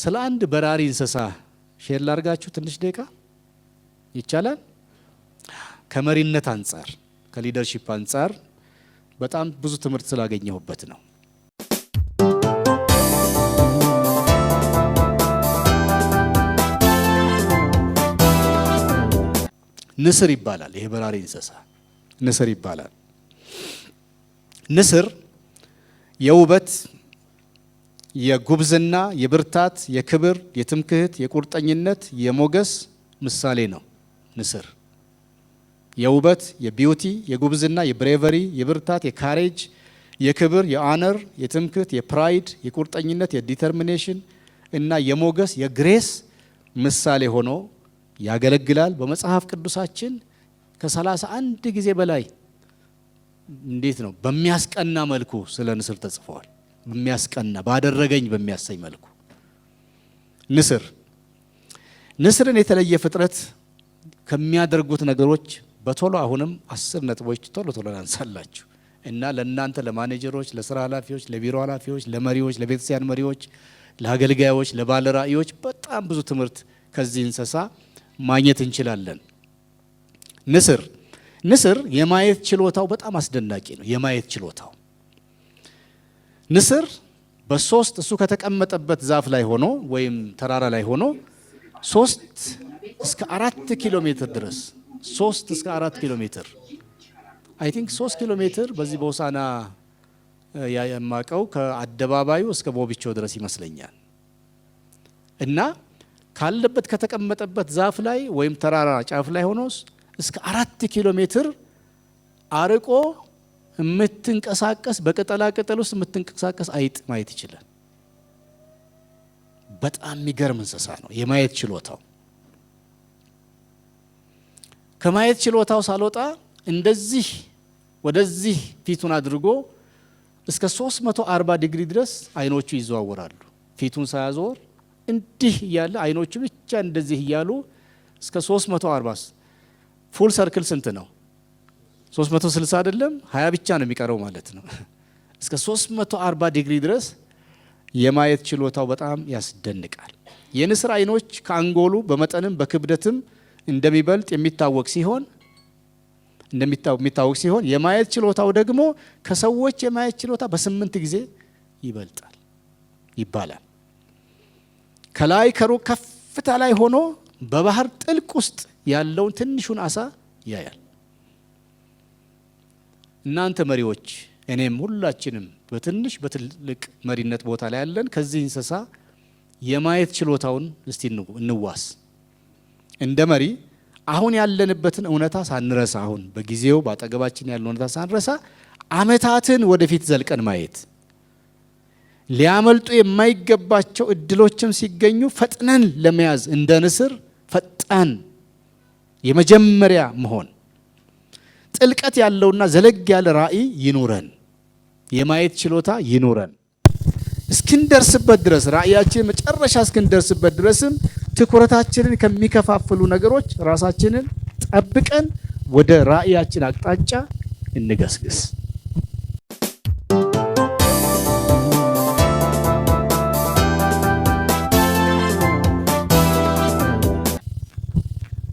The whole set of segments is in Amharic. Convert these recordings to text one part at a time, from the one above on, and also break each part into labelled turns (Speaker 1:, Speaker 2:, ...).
Speaker 1: ስለ አንድ በራሪ እንስሳ ሼር ላርጋችሁ ትንሽ ደቂቃ ይቻላል። ከመሪነት አንጻር ከሊደርሺፕ አንጻር በጣም ብዙ ትምህርት ስላገኘሁበት ነው። ንስር ይባላል። ይሄ በራሪ እንስሳ ንስር ይባላል። ንስር የውበት የጉብዝና፣ የብርታት፣ የክብር፣ የትምክህት፣ የቁርጠኝነት፣ የሞገስ ምሳሌ ነው። ንስር የውበት፣ የቢዩቲ፣ የጉብዝና፣ የብሬቨሪ፣ የብርታት፣ የካሬጅ፣ የክብር፣ የአነር፣ የትምክህት፣ የፕራይድ፣ የቁርጠኝነት፣ የዲተርሚኔሽን እና የሞገስ የግሬስ ምሳሌ ሆኖ ያገለግላል። በመጽሐፍ ቅዱሳችን ከሰላሳ አንድ ጊዜ በላይ እንዴት ነው በሚያስቀና መልኩ ስለ ንስር ተጽፈዋል። በሚያስቀና ባደረገኝ በሚያሰኝ መልኩ ንስር ንስርን የተለየ ፍጥረት ከሚያደርጉት ነገሮች በቶሎ አሁንም አስር ነጥቦች ቶሎ ቶሎ ናንሳላችሁ እና ለእናንተ ለማኔጀሮች፣ ለስራ ኃላፊዎች፣ ለቢሮ ኃላፊዎች፣ ለመሪዎች፣ ለቤተክርስቲያን መሪዎች፣ ለአገልጋዮች፣ ለባለራእዮች በጣም ብዙ ትምህርት ከዚህ እንስሳ ማግኘት እንችላለን። ንስር ንስር የማየት ችሎታው በጣም አስደናቂ ነው። የማየት ችሎታው ንስር በሶስት እሱ ከተቀመጠበት ዛፍ ላይ ሆኖ ወይም ተራራ ላይ ሆኖ ሶስት እስከ አራት ኪሎ ሜትር ድረስ ሶስት እስከ አራት ኪሎ ሜትር አይ ቲንክ ሶስት ኪሎ ሜትር በዚህ በውሳና ያማቀው ከአደባባዩ እስከ ቦቢቾ ድረስ ይመስለኛል። እና ካለበት ከተቀመጠበት ዛፍ ላይ ወይም ተራራ ጫፍ ላይ ሆኖ እስከ አራት ኪሎ ሜትር አርቆ የምትንቀሳቀስ በቅጠላ ቅጠል ውስጥ የምትንቀሳቀስ አይጥ ማየት ይችላል። በጣም የሚገርም እንስሳ ነው የማየት ችሎታው። ከማየት ችሎታው ሳልወጣ እንደዚህ ወደዚህ ፊቱን አድርጎ እስከ 340 ዲግሪ ድረስ አይኖቹ ይዘዋወራሉ። ፊቱን ሳያዞር እንዲህ እያለ አይኖቹ ብቻ እንደዚህ እያሉ እስከ 340 ፉል ሰርክል ስንት ነው? 360 አይደለም 20 ብቻ ነው የሚቀረው ማለት ነው። እስከ 340 ዲግሪ ድረስ የማየት ችሎታው በጣም ያስደንቃል። የንስር አይኖች ከአንጎሉ በመጠንም በክብደትም እንደሚበልጥ የሚታወቅ ሲሆን እንደሚታወቅ ሲሆን የማየት ችሎታው ደግሞ ከሰዎች የማየት ችሎታ በስምንት ጊዜ ይበልጣል ይባላል። ከላይ ከሩቅ ከፍታ ላይ ሆኖ በባህር ጥልቅ ውስጥ ያለውን ትንሹን አሳ ያያል። እናንተ መሪዎች እኔም ሁላችንም በትንሽ በትልቅ መሪነት ቦታ ላይ ያለን ከዚህ እንስሳ የማየት ችሎታውን እስቲ እንዋስ። እንደ መሪ አሁን ያለንበትን እውነታ ሳንረሳ አሁን በጊዜው በአጠገባችን ያለው እውነታ ሳንረሳ አመታትን ወደፊት ዘልቀን ማየት ሊያመልጡ የማይገባቸው እድሎችም ሲገኙ ፈጥነን ለመያዝ እንደ ንስር ፈጣን የመጀመሪያ መሆን ጥልቀት ያለውና ዘለግ ያለ ራእይ ይኑረን፣ የማየት ችሎታ ይኑረን። እስክንደርስበት ድረስ ራእያችን መጨረሻ እስክንደርስበት ድረስም ትኩረታችንን ከሚከፋፍሉ ነገሮች ራሳችንን ጠብቀን ወደ ራእያችን አቅጣጫ እንገስግስ።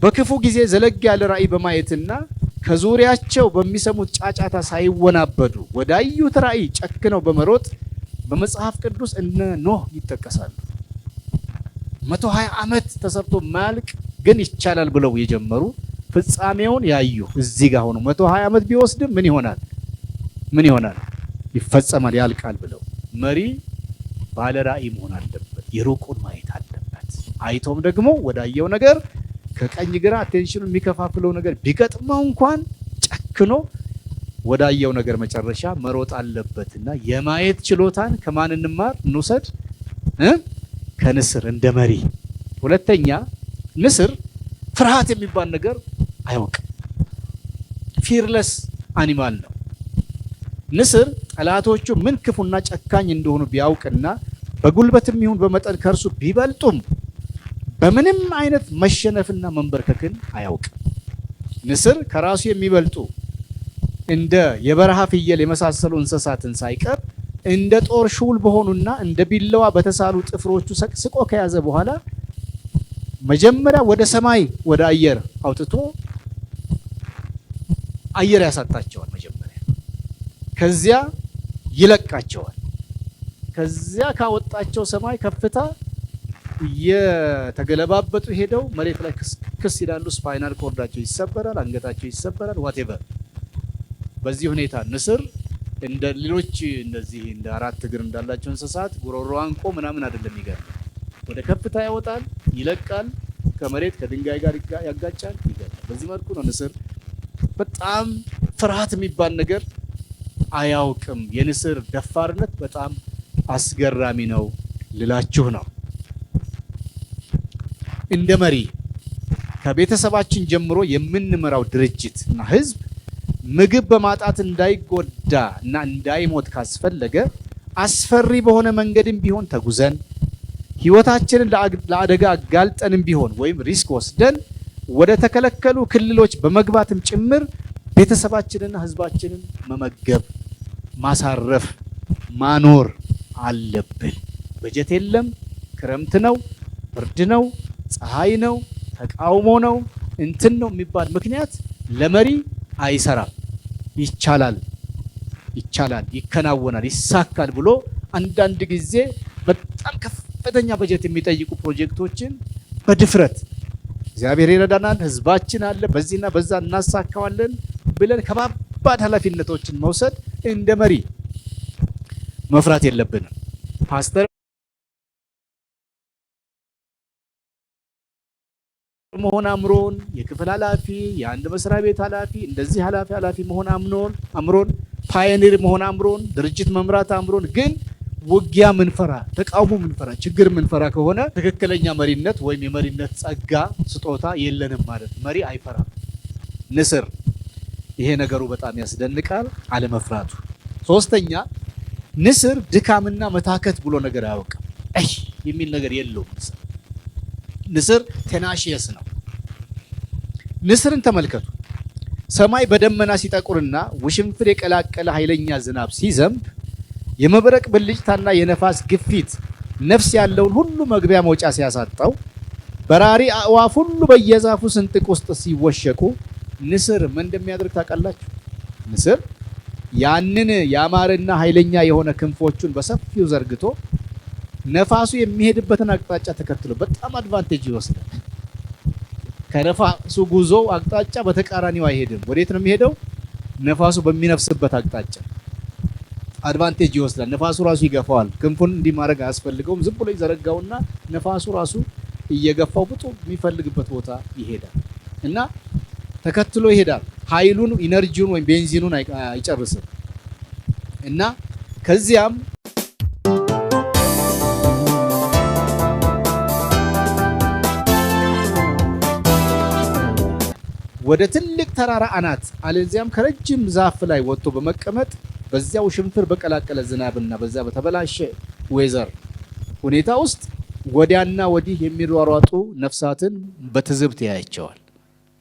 Speaker 1: በክፉ ጊዜ ዘለግ ያለ ራእይ በማየትና ከዙሪያቸው በሚሰሙት ጫጫታ ሳይወናበዱ ወዳዩት ራእይ ጨክነው በመሮጥ በመጽሐፍ ቅዱስ እነ ኖህ ይጠቀሳሉ። መቶ ሀያ ዓመት ተሰርቶ ማልቅ ግን ይቻላል ብለው የጀመሩ ፍጻሜውን ያዩ እዚህ ጋር ሆኖ መቶ ሀያ ዓመት ቢወስድም ምን ይሆናል? ምን ይሆናል? ይፈጸማል፣ ያልቃል ብለው መሪ ባለ ራእይ መሆን አለበት። የሩቁን ማየት አለበት። አይቶም ደግሞ ወዳየው ነገር ከቀኝ ግራ አቴንሽኑ የሚከፋፍለው ነገር ቢገጥመው እንኳን ጨክኖ ወዳየው ነገር መጨረሻ መሮጥ አለበትና የማየት ችሎታን ከማን እንማር እንውሰድ? ከንስር እንደ መሪ። ሁለተኛ ንስር ፍርሃት የሚባል ነገር አያውቅም። ፊርለስ አኒማል ነው። ንስር ጠላቶቹ ምን ክፉና ጨካኝ እንደሆኑ ቢያውቅና በጉልበትም ይሁን በመጠን ከእርሱ ቢበልጡም በምንም አይነት መሸነፍና መንበርከክን አያውቅም። ንስር ከራሱ የሚበልጡ እንደ የበረሃ ፍየል የመሳሰሉ እንስሳትን ሳይቀር እንደ ጦር ሹል በሆኑና እንደ ቢላዋ በተሳሉ ጥፍሮቹ ሰቅስቆ ከያዘ በኋላ መጀመሪያ ወደ ሰማይ ወደ አየር አውጥቶ አየር ያሳጣቸዋል። መጀመሪያ ከዚያ ይለቃቸዋል። ከዚያ ካወጣቸው ሰማይ ከፍታ እየተገለባበጡ ሄደው መሬት ላይ ክስ ይላሉ። ስፓይናል ኮርዳቸው ይሰበራል፣ አንገታቸው ይሰበራል። ዋቴቨር በዚህ ሁኔታ ንስር እንደ ሌሎች እንደዚህ እንደ አራት እግር እንዳላቸው እንስሳት ጉሮሮ አንቆ ምናምን አይደለም። ይገርም ወደ ከፍታ ያወጣል፣ ይለቃል፣ ከመሬት ከድንጋይ ጋር ያጋጫል፣ ይገርም። በዚህ መልኩ ነው ንስር በጣም ፍርሃት የሚባል ነገር አያውቅም። የንስር ደፋርነት በጣም አስገራሚ ነው ልላችሁ ነው። እንደ መሪ ከቤተሰባችን ጀምሮ የምንመራው ድርጅት እና ህዝብ ምግብ በማጣት እንዳይጎዳ እና እንዳይሞት ካስፈለገ አስፈሪ በሆነ መንገድም ቢሆን ተጉዘን ህይወታችንን ለአደጋ አጋልጠንም ቢሆን ወይም ሪስክ ወስደን ወደ ተከለከሉ ክልሎች በመግባትም ጭምር ቤተሰባችንና ህዝባችንን መመገብ፣ ማሳረፍ፣ ማኖር አለብን። በጀት የለም፣ ክረምት ነው፣ ብርድ ነው። ፀሐይ ነው፣ ተቃውሞ ነው፣ እንትን ነው የሚባል ምክንያት ለመሪ አይሰራም። ይቻላል፣ ይቻላል፣ ይከናወናል፣ ይሳካል ብሎ አንዳንድ ጊዜ በጣም ከፍተኛ በጀት የሚጠይቁ ፕሮጀክቶችን በድፍረት እግዚአብሔር ይረዳናል፣ ህዝባችን አለ፣ በዚህና በዛ እናሳካዋለን ብለን ከባባድ ኃላፊነቶችን መውሰድ እንደ መሪ መፍራት የለብንም። ፓስተር መሆን አምሮን የክፍል ኃላፊ የአንድ መስሪያ ቤት ኃላፊ እንደዚህ ኃላፊ ኃላፊ መሆን አምኖን አምሮን ፓዮኒር መሆን አምሮን ድርጅት መምራት አምሮን ግን ውጊያ ምንፈራ ተቃውሞ ምንፈራ ችግር ምንፈራ ከሆነ ትክክለኛ መሪነት ወይም የመሪነት ጸጋ ስጦታ የለንም ማለት መሪ አይፈራም ንስር ይሄ ነገሩ በጣም ያስደንቃል አለመፍራቱ ሶስተኛ ንስር ድካምና መታከት ብሎ ነገር አያውቅም የሚል ነገር የለውም ንስር ንስር ቴናሺየስ ነው። ንስርን ተመልከቱ። ሰማይ በደመና ሲጠቁርና ውሽንፍር የቀላቀለ ኃይለኛ ዝናብ ሲዘንብ የመብረቅ ብልጭታና የነፋስ ግፊት ነፍስ ያለውን ሁሉ መግቢያ መውጫ ሲያሳጣው በራሪ አእዋፍ ሁሉ በየዛፉ ስንጥቅ ውስጥ ሲወሸቁ ንስር ምን እንደሚያደርግ ታውቃላችሁ? ንስር ያንን ያማረና ኃይለኛ የሆነ ክንፎቹን በሰፊው ዘርግቶ ነፋሱ የሚሄድበትን አቅጣጫ ተከትሎ በጣም አድቫንቴጅ ይወስዳል። ከነፋሱ ጉዞ አቅጣጫ በተቃራኒው አይሄድም። ወዴት ነው የሚሄደው? ነፋሱ በሚነፍስበት አቅጣጫ አድቫንቴጅ ይወስዳል። ነፋሱ ራሱ ይገፋዋል። ክንፉን እንዲህ ማድረግ አያስፈልገውም። ዝም ብሎ ይዘረጋውና ነፋሱ ራሱ እየገፋው ብጡ የሚፈልግበት ቦታ ይሄዳል እና ተከትሎ ይሄዳል። ኃይሉን ኢነርጂውን ወይም ቤንዚኑን አይጨርስም እና ከዚያም ወደ ትልቅ ተራራ አናት አለዚያም ከረጅም ዛፍ ላይ ወጥቶ በመቀመጥ በዚያው ሽንፍር በቀላቀለ ዝናብና በዚያ በተበላሸ ዌዘር ሁኔታ ውስጥ ወዲያና ወዲህ የሚሯሯጡ ነፍሳትን በትዝብት ያያቸዋል።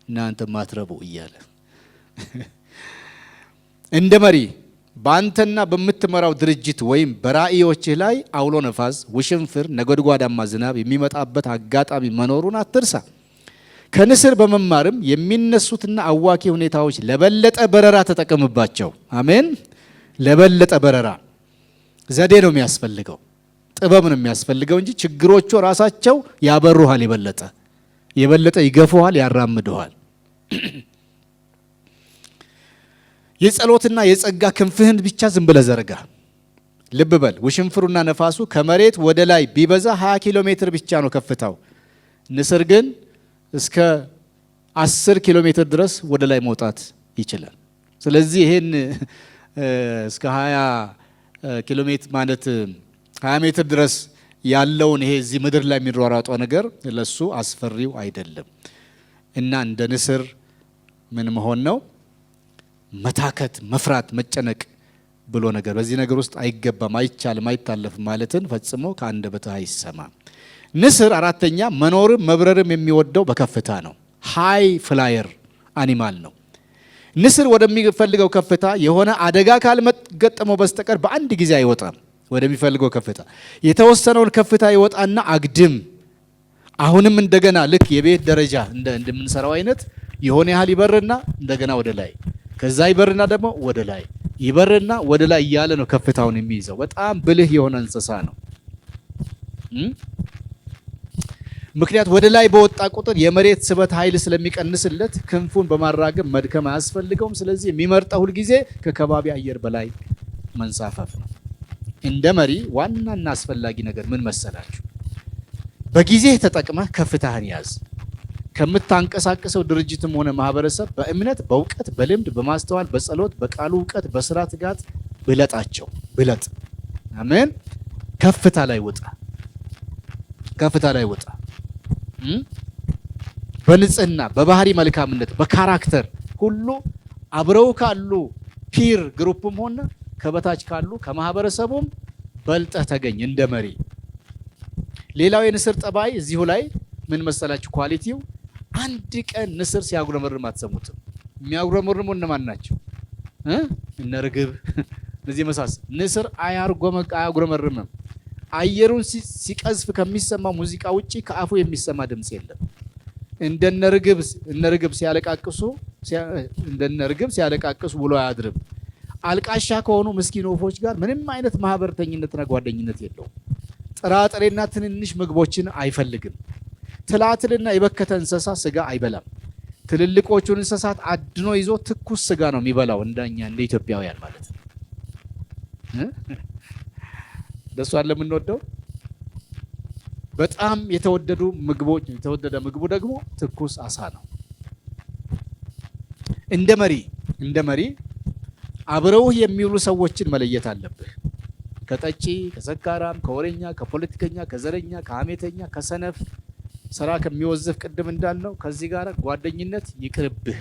Speaker 1: እናንተ ማትረቡ እያለ እንደ መሪ በአንተና በምትመራው ድርጅት ወይም በራእዮችህ ላይ አውሎ ነፋስ፣ ውሽንፍር፣ ነጎድጓዳማ ዝናብ የሚመጣበት አጋጣሚ መኖሩን አትርሳ። ከንስር በመማርም የሚነሱትና አዋኪ ሁኔታዎች ለበለጠ በረራ ተጠቀምባቸው። አሜን። ለበለጠ በረራ ዘዴ ነው የሚያስፈልገው፣ ጥበብ ነው የሚያስፈልገው እንጂ ችግሮቹ ራሳቸው ያበሩሃል፣ የበለጠ የበለጠ ይገፉሃል፣ ያራምድሃል። የጸሎትና የጸጋ ክንፍህን ብቻ ዝም ብለህ ዘርጋ። ልብ በል፣ ውሽንፍሩና ነፋሱ ከመሬት ወደ ላይ ቢበዛ 20 ኪሎ ሜትር ብቻ ነው ከፍታው። ንስር ግን እስከ 10 ኪሎ ሜትር ድረስ ወደ ላይ መውጣት ይችላል። ስለዚህ ይሄን እስከ 20 ኪሎ ሜትር ማለት 20 ሜትር ድረስ ያለውን ይሄ እዚህ ምድር ላይ የሚሯሯጠው ነገር ለሱ አስፈሪው አይደለም እና እንደ ንስር ምን መሆን ነው መታከት፣ መፍራት፣ መጨነቅ ብሎ ነገር በዚህ ነገር ውስጥ አይገባም፣ አይቻልም፣ አይታለፍም ማለትን ፈጽሞ ከአንደበትህ አይሰማም። ንስር አራተኛ መኖርም መብረርም የሚወደው በከፍታ ነው። ሃይ ፍላየር አኒማል ነው። ንስር ወደሚፈልገው ከፍታ የሆነ አደጋ ካልገጠመው በስተቀር በአንድ ጊዜ አይወጣም። ወደሚፈልገው ከፍታ የተወሰነውን ከፍታ ይወጣና አግድም አሁንም እንደገና ልክ የቤት ደረጃ እንደምንሰራው አይነት የሆነ ያህል ይበርና እንደገና ወደ ላይ ከዛ ይበርና ደግሞ ወደ ላይ ይበርና ወደ ላይ እያለ ነው ከፍታውን የሚይዘው። በጣም ብልህ የሆነ እንስሳ ነው። ምክንያት ወደ ላይ በወጣ ቁጥር የመሬት ስበት ኃይል ስለሚቀንስለት ክንፉን በማራገብ መድከም አያስፈልገውም። ስለዚህ የሚመርጠው ሁልጊዜ ከከባቢ አየር በላይ መንሳፈፍ ነው። እንደ መሪ ዋናና አስፈላጊ ነገር ምን መሰላችሁ? በጊዜ ተጠቅመህ ከፍታህን ያዝ። ከምታንቀሳቀሰው ድርጅትም ሆነ ማህበረሰብ በእምነት፣ በእውቀት፣ በልምድ፣ በማስተዋል፣ በጸሎት፣ በቃሉ እውቀት፣ በስራ ትጋት ብለጣቸው። ብለጥ አሜን። ከፍታ ላይ ወጣ። ከፍታ ላይ ወጣ። በንጽህና በባህሪ መልካምነት በካራክተር ሁሉ አብረው ካሉ ፒር ግሩፕም ሆነ ከበታች ካሉ ከማህበረሰቡም በልጠህ ተገኝ እንደ መሪ። ሌላው የንስር ጠባይ እዚሁ ላይ ምን መሰላችሁ? ኳሊቲው አንድ ቀን ንስር ሲያጉረመርም አትሰሙትም። የሚያጉረመርሙ እነማን ናቸው? እነ ርግብ፣ እነዚህ መሳሰል። ንስር አያጉረመርምም። አየሩን ሲቀዝፍ ከሚሰማ ሙዚቃ ውጪ ከአፉ የሚሰማ ድምፅ የለም። እንደነ ርግብ ርግብ ሲያለቃቅሱ እንደነ ርግብ ሲያለቃቅሱ ውሎ አያድርም። አልቃሻ ከሆኑ ምስኪን ወፎች ጋር ምንም አይነት ማህበርተኝነትና ጓደኝነት የለውም። ጥራጥሬና ትንንሽ ምግቦችን አይፈልግም። ትላትልና የበከተ እንስሳ ስጋ አይበላም። ትልልቆቹን እንስሳት አድኖ ይዞ ትኩስ ስጋ ነው የሚበላው። እንደኛ እንደ ኢትዮጵያውያን ማለት ነው። ለእሱ አለ በጣም የተወደዱ ምግቦች። የተወደደ ምግቡ ደግሞ ትኩስ አሳ ነው። እንደ መሪ እንደ መሪ አብረውህ የሚውሉ ሰዎችን መለየት አለብህ። ከጠጪ፣ ከሰካራም፣ ከወሬኛ፣ ከፖለቲከኛ፣ ከዘረኛ፣ ከሐሜተኛ፣ ከሰነፍ ስራ ከሚወዝፍ ቅድም እንዳልነው ከዚህ ጋር ጓደኝነት ይቅርብህ።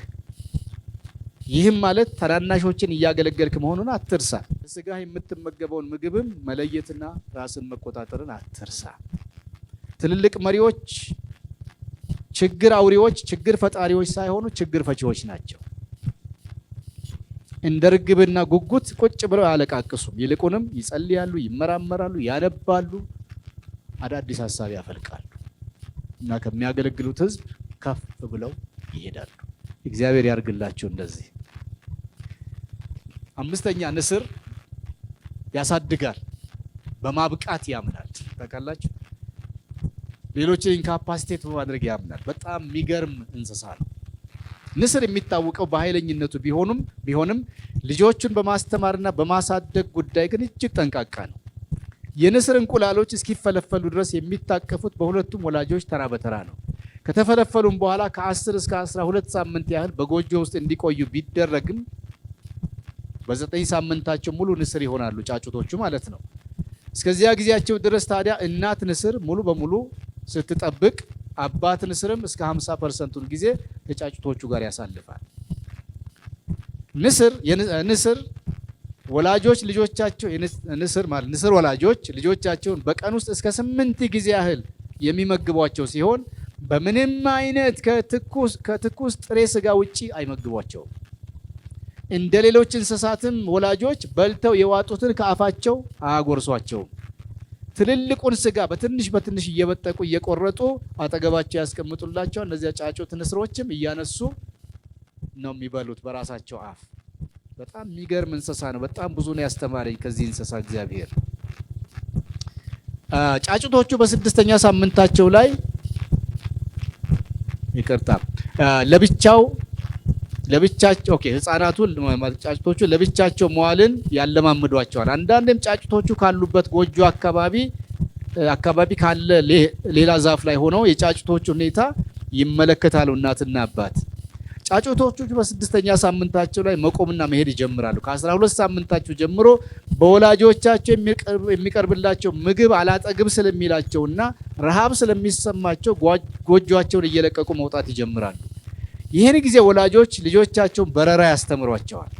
Speaker 1: ይህም ማለት ታናናሾችን እያገለገልክ መሆኑን አትርሳ። ስጋ የምትመገበውን ምግብም መለየትና ራስን መቆጣጠርን አትርሳ። ትልልቅ መሪዎች ችግር አውሪዎች፣ ችግር ፈጣሪዎች ሳይሆኑ ችግር ፈቺዎች ናቸው። እንደ ርግብና ጉጉት ቁጭ ብለው አያለቃቅሱም። ይልቁንም ይጸልያሉ፣ ይመራመራሉ፣ ያነባሉ፣ አዳዲስ ሀሳብ ያፈልቃሉ እና ከሚያገለግሉት ህዝብ ከፍ ብለው ይሄዳሉ። እግዚአብሔር ያርግላችሁ። እንደዚህ አምስተኛ ንስር ያሳድጋል፣ በማብቃት ያምናል። ታውቃላችሁ፣ ሌሎችን ኢንካፓሲቴት በማድረግ ያምናል። በጣም የሚገርም እንስሳ ነው። ንስር የሚታወቀው በኃይለኝነቱ ቢሆንም ቢሆንም ልጆቹን በማስተማርና በማሳደግ ጉዳይ ግን እጅግ ጠንቃቃ ነው። የንስር እንቁላሎች እስኪፈለፈሉ ድረስ የሚታቀፉት በሁለቱም ወላጆች ተራ በተራ ነው። ከተፈለፈሉም በኋላ ከ10 እስከ 12 ሳምንት ያህል በጎጆ ውስጥ እንዲቆዩ ቢደረግም በዘጠኝ ሳምንታቸው ሙሉ ንስር ይሆናሉ፣ ጫጩቶቹ ማለት ነው። እስከዚያ ጊዜያቸው ድረስ ታዲያ እናት ንስር ሙሉ በሙሉ ስትጠብቅ፣ አባት ንስርም እስከ 50 ፐርሰንቱን ጊዜ ከጫጩቶቹ ጋር ያሳልፋል። ንስር ንስር ወላጆች ልጆቻቸው ንስር ማለት ንስር ወላጆች ልጆቻቸውን በቀን ውስጥ እስከ ስምንት ጊዜ ያህል የሚመግቧቸው ሲሆን በምንም አይነት ከትኩስ ጥሬ ስጋ ውጪ አይመግቧቸውም። እንደ ሌሎች እንስሳትም ወላጆች በልተው የዋጡትን ከአፋቸው አያጎርሷቸውም። ትልልቁን ስጋ በትንሽ በትንሽ እየበጠቁ እየቆረጡ አጠገባቸው ያስቀምጡላቸዋል። እነዚያ ጫጩት ንስሮችም እያነሱ ነው የሚበሉት በራሳቸው አፍ። በጣም የሚገርም እንስሳ ነው። በጣም ብዙ ነው ያስተማረኝ ከዚህ እንስሳ እግዚአብሔር። ጫጩቶቹ በስድስተኛ ሳምንታቸው ላይ ይቅርታ ለብቻው ለብቻቸው ኦኬ ህፃናቱን ጫጭቶቹ ለብቻቸው መዋልን ያለማምዷቸዋል። አንዳንዴም ጫጭቶቹ ካሉበት ጎጆ አካባቢ አካባቢ ካለ ሌላ ዛፍ ላይ ሆነው የጫጭቶቹ ሁኔታ ይመለከታሉ እናትና አባት። ጫጩቶቹ በስድስተኛ ሳምንታቸው ላይ መቆምና መሄድ ይጀምራሉ። ከአስራ ሁለት ሳምንታቸው ጀምሮ በወላጆቻቸው የሚቀርብላቸው ምግብ አላጠግብ ስለሚላቸውና ረሃብ ስለሚሰማቸው ጎጆቸውን እየለቀቁ መውጣት ይጀምራሉ። ይህን ጊዜ ወላጆች ልጆቻቸውን በረራ ያስተምሯቸዋል።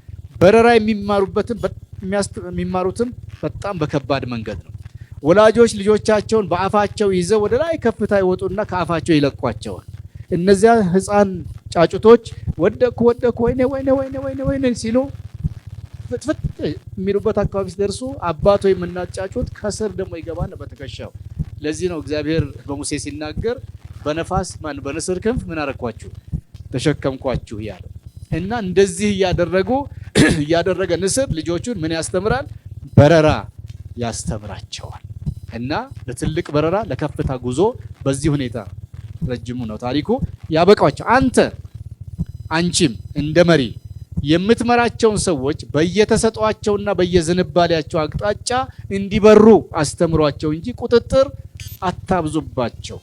Speaker 1: በረራ የሚማሩትም በጣም በከባድ መንገድ ነው። ወላጆች ልጆቻቸውን በአፋቸው ይዘው ወደ ላይ ከፍታ ይወጡና ከአፋቸው ይለቋቸዋል። እነዚያ ህፃን ጫጩቶች ወደኩ ወደኩ፣ ወይኔ ወይኔ ወይኔ ወይኔ ወይኔ ሲሉ ፍትፍት የሚሉበት አካባቢ ሲደርሱ አባት ወይም እናት ጫጩት ከስር ደግሞ ይገባና በትከሻው። ለዚህ ነው እግዚአብሔር በሙሴ ሲናገር በነፋስ ማን በንስር ክንፍ ምን አረኳችሁ ተሸከምኳችሁ ያለ እና እንደዚህ እያደረጉ እያደረገ ንስር ልጆቹን ምን ያስተምራል? በረራ ያስተምራቸዋል። እና ለትልቅ በረራ ለከፍታ ጉዞ በዚህ ሁኔታ ረጅሙ ነው ታሪኩ ያበቃቸው አንተ አንቺም እንደ መሪ የምትመራቸውን ሰዎች በየተሰጧቸውና በየዝንባሌያቸው አቅጣጫ እንዲበሩ አስተምሯቸው እንጂ ቁጥጥር አታብዙባቸው።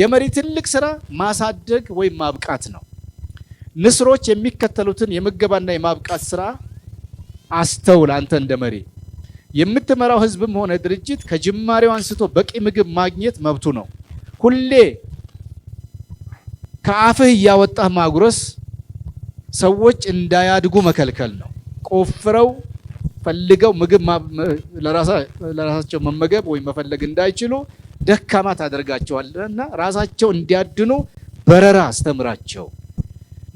Speaker 1: የመሪ ትልቅ ስራ ማሳደግ ወይም ማብቃት ነው። ንስሮች የሚከተሉትን የምገባና የማብቃት ስራ አስተውል። አንተ እንደ መሪ የምትመራው ህዝብም ሆነ ድርጅት ከጅማሬው አንስቶ በቂ ምግብ ማግኘት መብቱ ነው። ሁሌ ከአፍህ እያወጣህ ማጉረስ ሰዎች እንዳያድጉ መከልከል ነው። ቆፍረው ፈልገው ምግብ ለራሳቸው መመገብ ወይም መፈለግ እንዳይችሉ ደካማ ታደርጋቸዋልና ራሳቸው እንዲያድኑ በረራ አስተምራቸው።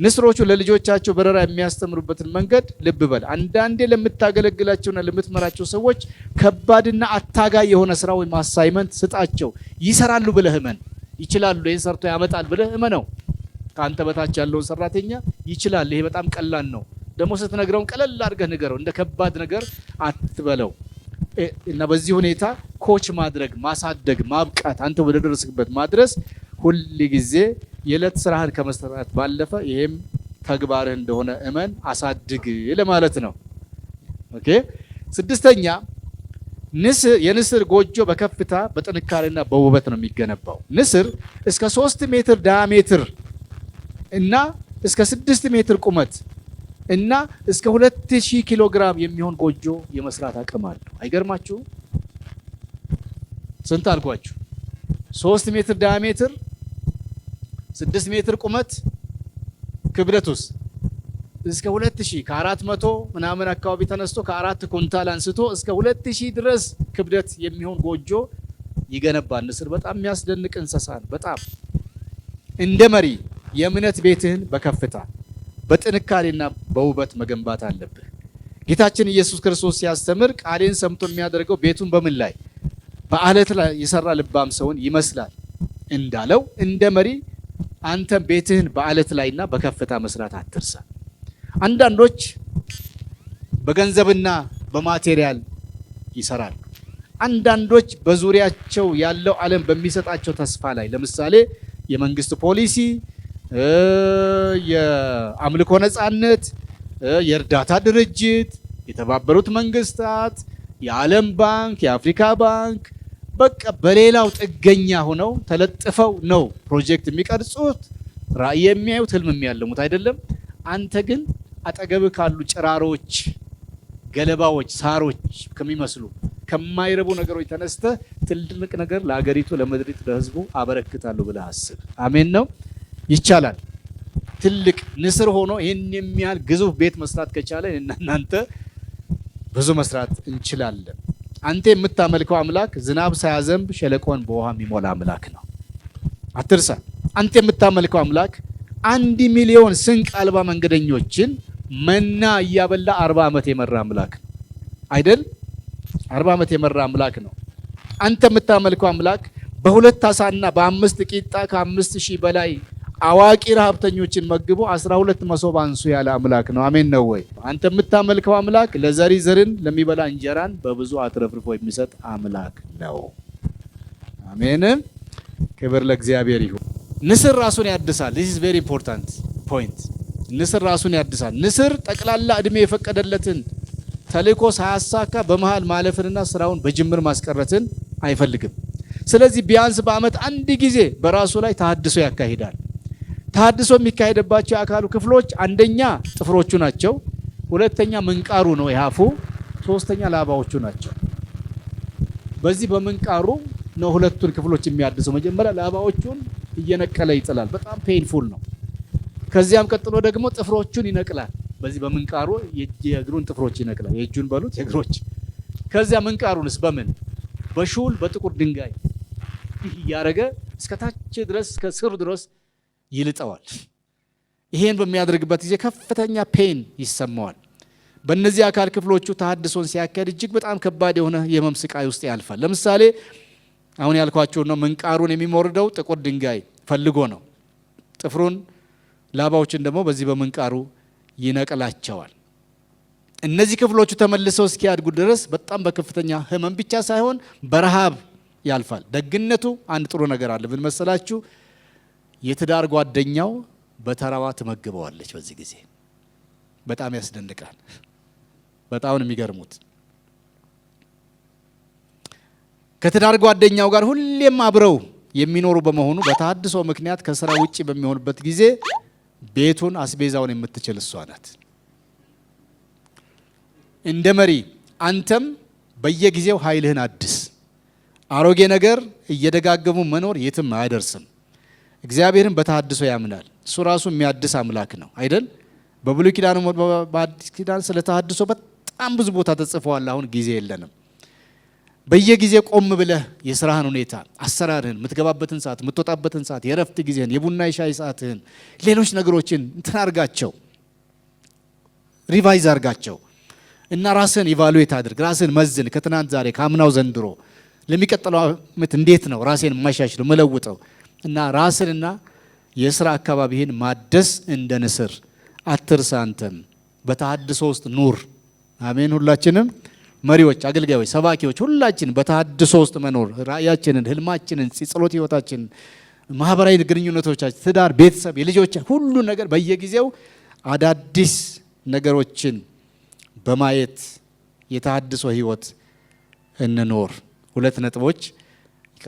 Speaker 1: ንስሮቹ ለልጆቻቸው በረራ የሚያስተምሩበትን መንገድ ልብ በል። አንዳንዴ ለምታገለግላቸውና ለምትመራቸው ሰዎች ከባድና አታጋይ የሆነ ስራ ወይም አሳይመንት ስጣቸው። ይሰራሉ ብለህ እመን። ይችላሉ፣ ይህን ሰርቶ ያመጣል ብለህ እመነው። ከአንተ በታች ያለውን ሰራተኛ ይችላል። ይሄ በጣም ቀላል ነው። ደግሞ ስትነግረውን ቀለል አድርገህ ንገረው፣ እንደ ከባድ ነገር አትበለው። እና በዚህ ሁኔታ ኮች ማድረግ፣ ማሳደግ፣ ማብቃት፣ አንተ ወደ ደረስክበት ማድረስ ሁል ጊዜ የዕለት ስራህን ከመስራት ባለፈ ይሄም ተግባርህ እንደሆነ እመን፣ አሳድግ ለማለት ነው። ኦኬ ስድስተኛ ንስር የንስር ጎጆ በከፍታ በጥንካሬና በውበት ነው የሚገነባው። ንስር እስከ ሶስት ሜትር ዳያሜትር እና እስከ ስድስት ሜትር ቁመት እና እስከ ሁለት ሺህ ኪሎ ግራም የሚሆን ጎጆ የመስራት አቅም አለው። አይገርማችሁም? ስንት አልኳችሁ? ሶስት ሜትር ዳያሜትር፣ ስድስት ሜትር ቁመት፣ ክብደቱስ እስከ ሁለት ሺህ ከአራት መቶ ምናምን አካባቢ ተነስቶ ከአራት ኩንታል አንስቶ እስከ ሁለት ሺህ ድረስ ክብደት የሚሆን ጎጆ ይገነባል። ንስር በጣም የሚያስደንቅ እንስሳ ነው። በጣም እንደ መሪ የእምነት ቤትህን በከፍታ በጥንካሬና በውበት መገንባት አለብህ። ጌታችን ኢየሱስ ክርስቶስ ሲያስተምር ቃሌን ሰምቶ የሚያደርገው ቤቱን በምን ላይ በአለት ላይ የሰራ ልባም ሰውን ይመስላል እንዳለው እንደ መሪ አንተም ቤትህን በአለት ላይና በከፍታ መስራት አትርሳ። አንዳንዶች በገንዘብና በማቴሪያል ይሰራሉ። አንዳንዶች በዙሪያቸው ያለው ዓለም በሚሰጣቸው ተስፋ ላይ ለምሳሌ የመንግስት ፖሊሲ የአምልኮ ነፃነት፣ የእርዳታ ድርጅት፣ የተባበሩት መንግስታት፣ የዓለም ባንክ፣ የአፍሪካ ባንክ በቃ በሌላው ጥገኛ ሆነው ተለጥፈው ነው ፕሮጀክት የሚቀርጹት ራዕይ የሚያዩት ህልም የሚያለሙት አይደለም። አንተ ግን አጠገብ ካሉ ጭራሮች፣ ገለባዎች፣ ሳሮች ከሚመስሉ ከማይረቡ ነገሮች ተነስተ ትልቅ ነገር ለአገሪቱ፣ ለምድሪቱ፣ ለህዝቡ አበረክታለሁ ብለህ አስብ። አሜን ነው። ይቻላል። ትልቅ ንስር ሆኖ ይህን የሚያህል ግዙፍ ቤት መስራት ከቻለ እናንተ ብዙ መስራት እንችላለን። አንተ የምታመልከው አምላክ ዝናብ ሳያዘንብ ሸለቆን በውሃ የሚሞላ አምላክ ነው። አትርሳ። አንተ የምታመልከው አምላክ አንድ ሚሊዮን ስንቅ አልባ መንገደኞችን መና እያበላ አርባ ዓመት የመራ አምላክ ነው አይደል? አርባ ዓመት የመራ አምላክ ነው። አንተ የምታመልከው አምላክ በሁለት አሳና በአምስት ቂጣ ከአምስት ሺህ በላይ አዋቂ ረሀብተኞችን መግቦ አስራ ሁለት መሶብ አንሱ ያለ አምላክ ነው። አሜን ነው ወይ? አንተ የምታመልከው አምላክ ለዘሪ ዘርን ለሚበላ እንጀራን በብዙ አትረፍርፎ የሚሰጥ አምላክ ነው። አሜን። ክብር ለእግዚአብሔር ይሁን። ንስር ራሱን ያድሳል። ዚስ ኢዝ ኢምፖርታንት ፖይንት። ንስር ራሱን ያድሳል። ንስር ጠቅላላ እድሜ የፈቀደለትን ተልእኮ ሳያሳካ በመሃል ማለፍንና ስራውን በጅምር ማስቀረትን አይፈልግም። ስለዚህ ቢያንስ በአመት አንድ ጊዜ በራሱ ላይ ተሃድሶ ያካሂዳል። ታድሶ የሚካሄድባቸው የአካሉ ክፍሎች አንደኛ ጥፍሮቹ ናቸው፣ ሁለተኛ ምንቃሩ ነው የአፉ፣ ሶስተኛ ላባዎቹ ናቸው። በዚህ በምንቃሩ ነው ሁለቱን ክፍሎች የሚያድሰው። መጀመሪያ ላባዎቹን እየነቀለ ይጥላል። በጣም ፔንፉል ነው። ከዚያም ቀጥሎ ደግሞ ጥፍሮቹን ይነቅላል። በዚህ በምንቃሩ የእግሩን ጥፍሮች ይነቅላል። የእጁን በሉት የእግሮች። ከዚያ ምንቃሩንስ በምን በሹል በጥቁር ድንጋይ ይህ እያደረገ እስከታች ድረስ እስከ ስር ድረስ ይልጠዋል። ይሄን በሚያደርግበት ጊዜ ከፍተኛ ፔን ይሰማዋል። በእነዚህ አካል ክፍሎቹ ተሃድሶን ሲያካሄድ እጅግ በጣም ከባድ የሆነ የህመም ስቃይ ውስጥ ያልፋል። ለምሳሌ አሁን ያልኳቸውን ነው። ምንቃሩን የሚሞርደው ጥቁር ድንጋይ ፈልጎ ነው። ጥፍሩን፣ ላባዎችን ደግሞ በዚህ በምንቃሩ ይነቅላቸዋል። እነዚህ ክፍሎቹ ተመልሰው እስኪያድጉ ድረስ በጣም በከፍተኛ ህመም ብቻ ሳይሆን በረሃብ ያልፋል። ደግነቱ አንድ ጥሩ ነገር አለ ብን መሰላችሁ የትዳር ጓደኛው በተራዋ ትመግበዋለች። በዚህ ጊዜ በጣም ያስደንቃል። በጣም ነው የሚገርሙት። ከትዳር ጓደኛው ጋር ሁሌም አብረው የሚኖሩ በመሆኑ በተሃድሶ ምክንያት ከስራ ውጪ በሚሆንበት ጊዜ ቤቱን አስቤዛውን የምትችል እሷ ናት። እንደ መሪ አንተም በየጊዜው ኃይልህን አድስ። አሮጌ ነገር እየደጋገሙ መኖር የትም አያደርስም። እግዚአብሔርን በተሐድሶ ያምናል። እሱ ራሱ የሚያድስ አምላክ ነው አይደል? በብሉይ ኪዳን፣ በአዲስ ኪዳን ስለ ተሐድሶ በጣም ብዙ ቦታ ተጽፈዋል። አሁን ጊዜ የለንም። በየጊዜ ቆም ብለህ የስራህን ሁኔታ፣ አሰራርህን፣ የምትገባበትን ሰዓት፣ የምትወጣበትን ሰዓት፣ የእረፍት ጊዜህን፣ የቡና የሻይ ሰዓትህን፣ ሌሎች ነገሮችን እንትን አርጋቸው፣ ሪቫይዝ አርጋቸው እና ራስህን ኢቫሉዌት አድርግ። ራስህን መዝን። ከትናንት ዛሬ፣ ከአምናው ዘንድሮ፣ ለሚቀጥለው ዓመት እንዴት ነው ራሴን የማሻሽለው መለውጠው እና ራስንና የስራ አካባቢህን ማደስ እንደ ንስር አትርሳ። አንተም ውስጥ ኑር። አሜን። ሁላችንም መሪዎች፣ አገልጋዮች፣ ሰባኪዎች ሁላችን በታድሶ ውስጥ መኖር ራእያችንን፣ ህልማችንን፣ ጸሎት ህይወታችንን፣ ማህበራዊ ግንኙነቶቻችን፣ ትዳር፣ ቤተሰብ፣ የልጆች ሁሉ ነገር በየጊዜው አዳዲስ ነገሮችን በማየት የታድሶ ህይወት እንኖር። ሁለት ነጥቦች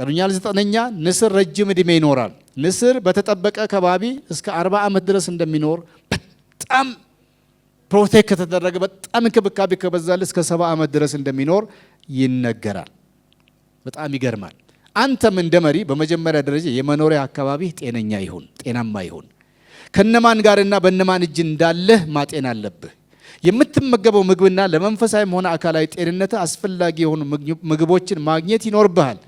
Speaker 1: ቀዱኛ ዘጠነኛ ንስር ረጅም እድሜ ይኖራል። ንስር በተጠበቀ ከባቢ እስከ አርባ ዓመት ድረስ እንደሚኖር በጣም ፕሮቴክት ከተደረገ በጣም እንክብካቤ ከበዛል እስከ ሰባ ዓመት ድረስ እንደሚኖር ይነገራል። በጣም ይገርማል። አንተም እንደ መሪ በመጀመሪያ ደረጃ የመኖሪያ አካባቢ ጤነኛ ይሁን፣ ጤናማ ይሁን። ከነማን ጋርና በነማን እጅ እንዳለህ ማጤን አለብህ። የምትመገበው ምግብና ለመንፈሳዊም ሆነ አካላዊ ጤንነት አስፈላጊ የሆኑ ምግቦችን ማግኘት ይኖርብሃል።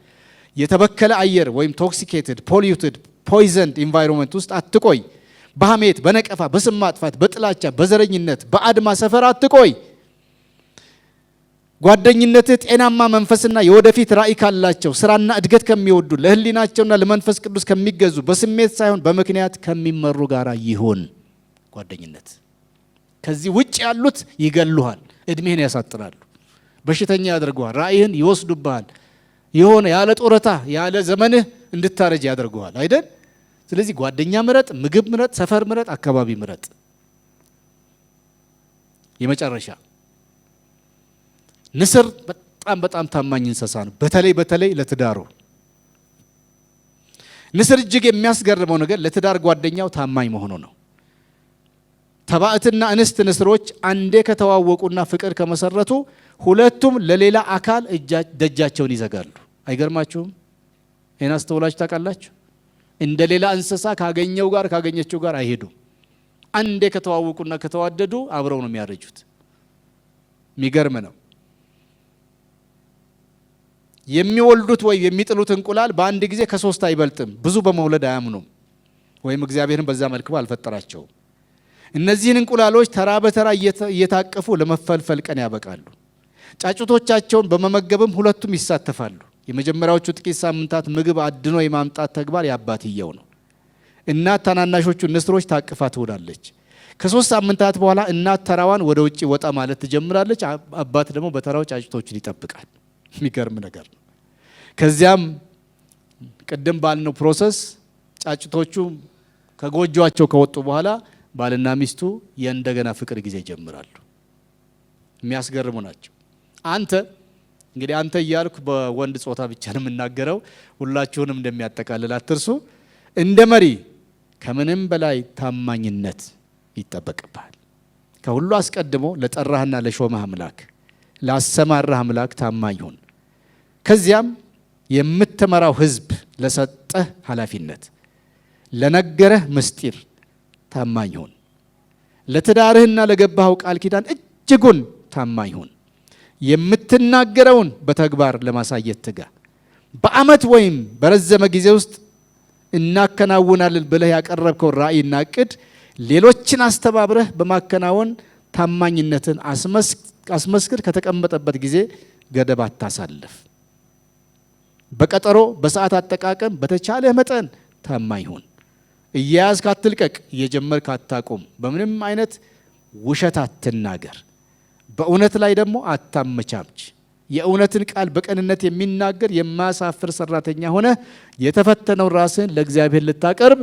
Speaker 1: የተበከለ አየር ወይም ቶክሲኬትድ ፖሊዩትድ ፖይዘንድ ኢንቫይሮንመንት ውስጥ አትቆይ። በሐሜት፣ በነቀፋ፣ በስም ማጥፋት፣ በጥላቻ፣ በዘረኝነት፣ በአድማ ሰፈር አትቆይ። ጓደኝነት ጤናማ መንፈስና የወደፊት ራዕይ ካላቸው ስራና እድገት ከሚወዱ ለህሊናቸውና ለመንፈስ ቅዱስ ከሚገዙ በስሜት ሳይሆን በምክንያት ከሚመሩ ጋር ይሁን። ጓደኝነት ከዚህ ውጭ ያሉት ይገሉሃል፣ እድሜህን ያሳጥራሉ፣ በሽተኛ ያደርገዋል ራዕይህን ይወስዱብሃል። የሆነ ያለ ጡረታ ያለ ዘመንህ እንድታረጅ ያደርገዋል አይደል? ስለዚህ ጓደኛ ምረጥ፣ ምግብ ምረጥ፣ ሰፈር ምረጥ፣ አካባቢ ምረጥ። የመጨረሻ ንስር በጣም በጣም ታማኝ እንስሳ ነው። በተለይ በተለይ ለትዳሩ ንስር እጅግ የሚያስገርመው ነገር ለትዳር ጓደኛው ታማኝ መሆኑ ነው። ተባዕትና እንስት ንስሮች አንዴ ከተዋወቁና ፍቅር ከመሰረቱ ሁለቱም ለሌላ አካል ደጃቸውን ይዘጋሉ። አይገርማችሁም? ይህን አስተውላችሁ ታውቃላችሁ? እንደ ሌላ እንስሳ ካገኘው ጋር ካገኘችው ጋር አይሄዱም። አንዴ ከተዋወቁና ከተዋደዱ አብረው ነው የሚያረጁት። የሚገርም ነው። የሚወልዱት ወይም የሚጥሉት እንቁላል በአንድ ጊዜ ከሶስት አይበልጥም። ብዙ በመውለድ አያምኑም፣ ወይም እግዚአብሔርን በዛ መልክ አልፈጠራቸውም። እነዚህን እንቁላሎች ተራ በተራ እየታቀፉ ለመፈልፈል ቀን ያበቃሉ። ጫጩቶቻቸውን በመመገብም ሁለቱም ይሳተፋሉ። የመጀመሪያዎቹ ጥቂት ሳምንታት ምግብ አድኖ የማምጣት ተግባር የአባትየው ነው። እናት ታናናሾቹ ንስሮች ታቅፋ ትውላለች። ከሶስት ሳምንታት በኋላ እናት ተራዋን ወደ ውጭ ወጣ ማለት ትጀምራለች። አባት ደግሞ በተራው ጫጭቶቹን ይጠብቃል። የሚገርም ነገር ነው። ከዚያም ቅድም ባልነው ፕሮሰስ ጫጭቶቹ ከጎጆቸው ከወጡ በኋላ ባልና ሚስቱ የእንደገና ፍቅር ጊዜ ይጀምራሉ። የሚያስገርሙ ናቸው። አንተ እንግዲህ አንተ እያልኩ በወንድ ጾታ ብቻ ነው የምናገረው፣ ሁላችሁንም እንደሚያጠቃልል አትርሱ። እንደ መሪ ከምንም በላይ ታማኝነት ይጠበቅብሃል። ከሁሉ አስቀድሞ ለጠራህና ለሾመህ አምላክ፣ ላሰማራህ አምላክ ታማኝ ሁን። ከዚያም የምትመራው ህዝብ ለሰጠህ ኃላፊነት፣ ለነገረህ ምስጢር ታማኝ ሁን። ለትዳርህና ለገባኸው ቃል ኪዳን እጅጉን ታማኝ ሁን። የምትናገረውን በተግባር ለማሳየት ትጋ። በአመት ወይም በረዘመ ጊዜ ውስጥ እናከናውናለን ብለህ ያቀረብከው ራዕይና እቅድ ሌሎችን አስተባብረህ በማከናወን ታማኝነትን አስመስክር። ከተቀመጠበት ጊዜ ገደብ አታሳልፍ። በቀጠሮ በሰዓት አጠቃቀም በተቻለህ መጠን ታማኝ ሁን። እያያዝክ አትልቀቅ፣ እየጀመርክ አታቁም። በምንም አይነት ውሸት አትናገር። በእውነት ላይ ደግሞ አታመቻምች። የእውነትን ቃል በቅንነት የሚናገር የማያሳፍር ሰራተኛ ሆነ የተፈተነውን ራስህን ለእግዚአብሔር ልታቀርብ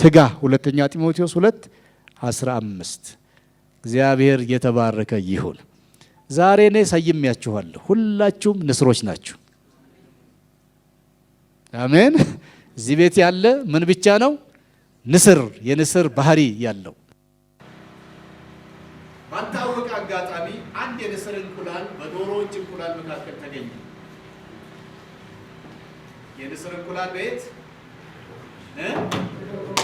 Speaker 1: ትጋ። ሁለተኛ ጢሞቴዎስ 2 15 እግዚአብሔር የተባረከ ይሁን። ዛሬ እኔ ሰይሜያችኋለሁ። ሁላችሁም ንስሮች ናችሁ። አሜን። እዚህ ቤት ያለ ምን ብቻ ነው? ንስር፣ የንስር ባህሪ ያለው
Speaker 2: ባልታወቀ አጋጣሚ አንድ የንስር እንቁላል በዶሮዎች እንቁላል መካከል ተገኘ። የንስር እንቁላል ቤት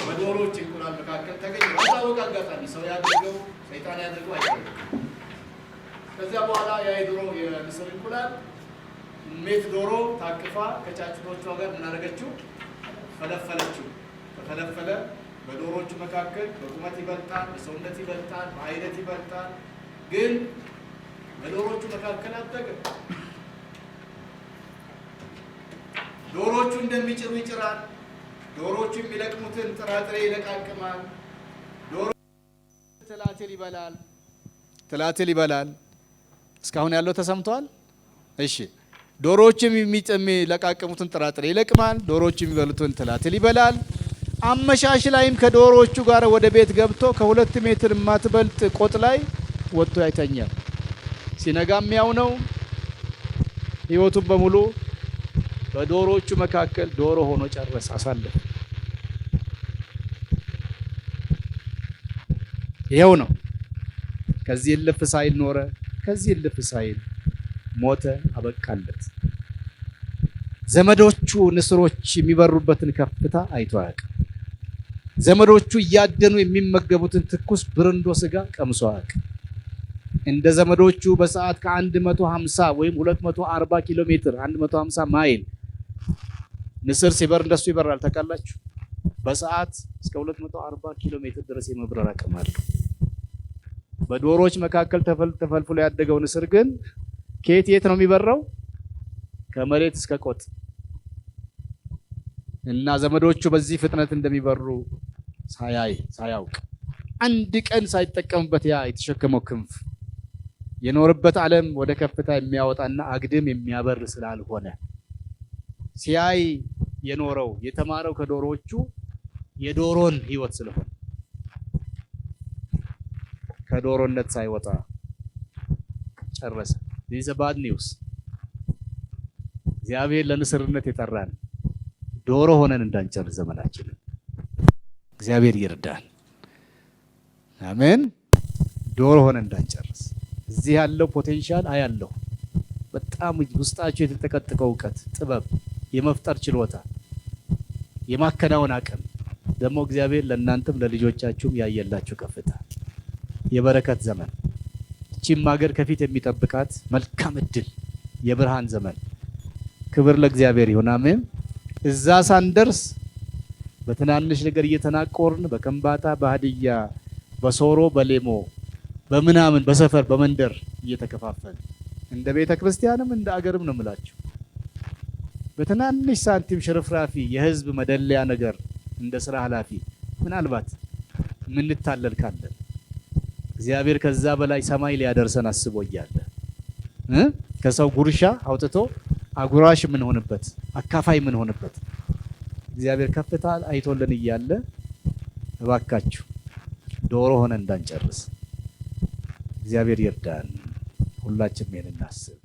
Speaker 2: በዶሮዎች እንቁላል መካከል ተገኘ። ባልታወቀ አጋጣሚ ሰው ያደርገው ሰይጣን ያደርገው አይደለም። ከዚያ በኋላ ያ የዶሮ የንስር እንቁላል ሜት ዶሮ ታቅፋ ከጫጩቶቿ ጋር ምን አደረገችው? ፈለፈለችው። ከፈለፈለ በዶሮቹ መካከል በቁመት ይበልጣል፣ በሰውነት ይበልጣል፣ በአይነት ይበልጣል። ግን በዶሮቹ መካከል አደገ። ዶሮቹ እንደሚጭሩ ይጭራል። ዶሮቹ የሚለቅሙትን ጥራጥሬ ይለቃቅማል። ዶሮ ትላትል ይበላል፣ ትላትል ይበላል። እስካሁን ያለው ተሰምቷል? እሺ። ዶሮዎቹ ለቃቅሙትን ጥራጥሬ ይለቅማል። ዶሮዎቹ የሚበሉትን ትላትል ይበላል። አመሻሽ ላይም ከዶሮዎቹ ጋር ወደ ቤት ገብቶ ከሁለት ሜትር የማትበልጥ ቆጥ ላይ ወጥቶ ያይተኛል። ሲነጋም ያው ነው። ህይወቱን በሙሉ በዶሮዎቹ መካከል ዶሮ ሆኖ ጨረሰ፣ አሳለፈ። ይኸው ነው። ከዚህ እልፍ ሳይል ኖረ፣ ከዚህ እልፍ ሳይል ሞተ፣ አበቃለት። ዘመዶቹ ንስሮች የሚበሩበትን ከፍታ አይቶ አያውቅም። ዘመዶቹ እያደኑ የሚመገቡትን ትኩስ ብርንዶ ስጋ ቀምሶ አያውቅም። እንደ ዘመዶቹ በሰዓት ከ150 ወይም 240 ኪሎ ሜትር 150 ማይል ንስር ሲበር እንደሱ ይበራል። ታውቃላችሁ? በሰዓት እስከ 240 ኪሎ ሜትር ድረስ የመብረር አቅም አለው። በዶሮዎች መካከል ተፈልፍሎ ያደገው ንስር ግን ከየት የት ነው የሚበረው? ከመሬት እስከ ቆጥ እና ዘመዶቹ በዚህ ፍጥነት እንደሚበሩ ሳያይ ሳያውቅ አንድ ቀን ሳይጠቀምበት ያ የተሸከመው ክንፍ የኖርበት ዓለም ወደ ከፍታ የሚያወጣና አግድም የሚያበር ስላልሆነ ሲያይ የኖረው የተማረው ከዶሮዎቹ የዶሮን ሕይወት ስለሆነ ከዶሮነት ሳይወጣ ጨረሰ። ዚስ ባድ ኒውስ። እግዚአብሔር ለንስርነት የጠራን ዶሮ ሆነን እንዳንጨርስ ዘመናችንን እግዚአብሔር ይርዳል። አሜን። ዶሮ ሆነ እንዳንጨርስ እዚህ ያለው ፖቴንሻል አያለሁ። በጣም ውስጣቸው የተጠቀጥቀው እውቀት፣ ጥበብ፣ የመፍጠር ችሎታ፣ የማከናወን አቅም ደግሞ እግዚአብሔር ለእናንተም ለልጆቻችሁም ያየላችሁ ከፍታ የበረከት ዘመን እቺም ሀገር ከፊት የሚጠብቃት መልካም እድል የብርሃን ዘመን። ክብር ለእግዚአብሔር ይሁን። አሜን። እዛ ሳንደርስ በትናንሽ ነገር እየተናቆርን በከምባታ በሀዲያ በሶሮ በሌሞ በምናምን በሰፈር በመንደር እየተከፋፈል እንደ ቤተ ክርስቲያንም እንደ አገርም ነው የምላችሁ። በትናንሽ ሳንቲም ሽርፍራፊ የህዝብ መደለያ ነገር እንደ ስራ ኃላፊ ምናልባት ምንታለል ካለን እግዚአብሔር ከዛ በላይ ሰማይ ሊያደርሰን አስቦ እያለ ከሰው ጉርሻ አውጥቶ አጉራሽ የምንሆንበት አካፋይ የምንሆንበት እግዚአብሔር ከፍታ አይቶልን እያለ እባካችሁ ዶሮ ሆነ እንዳንጨርስ እግዚአብሔር ይርዳን። ሁላችንም ይህን እናስብ።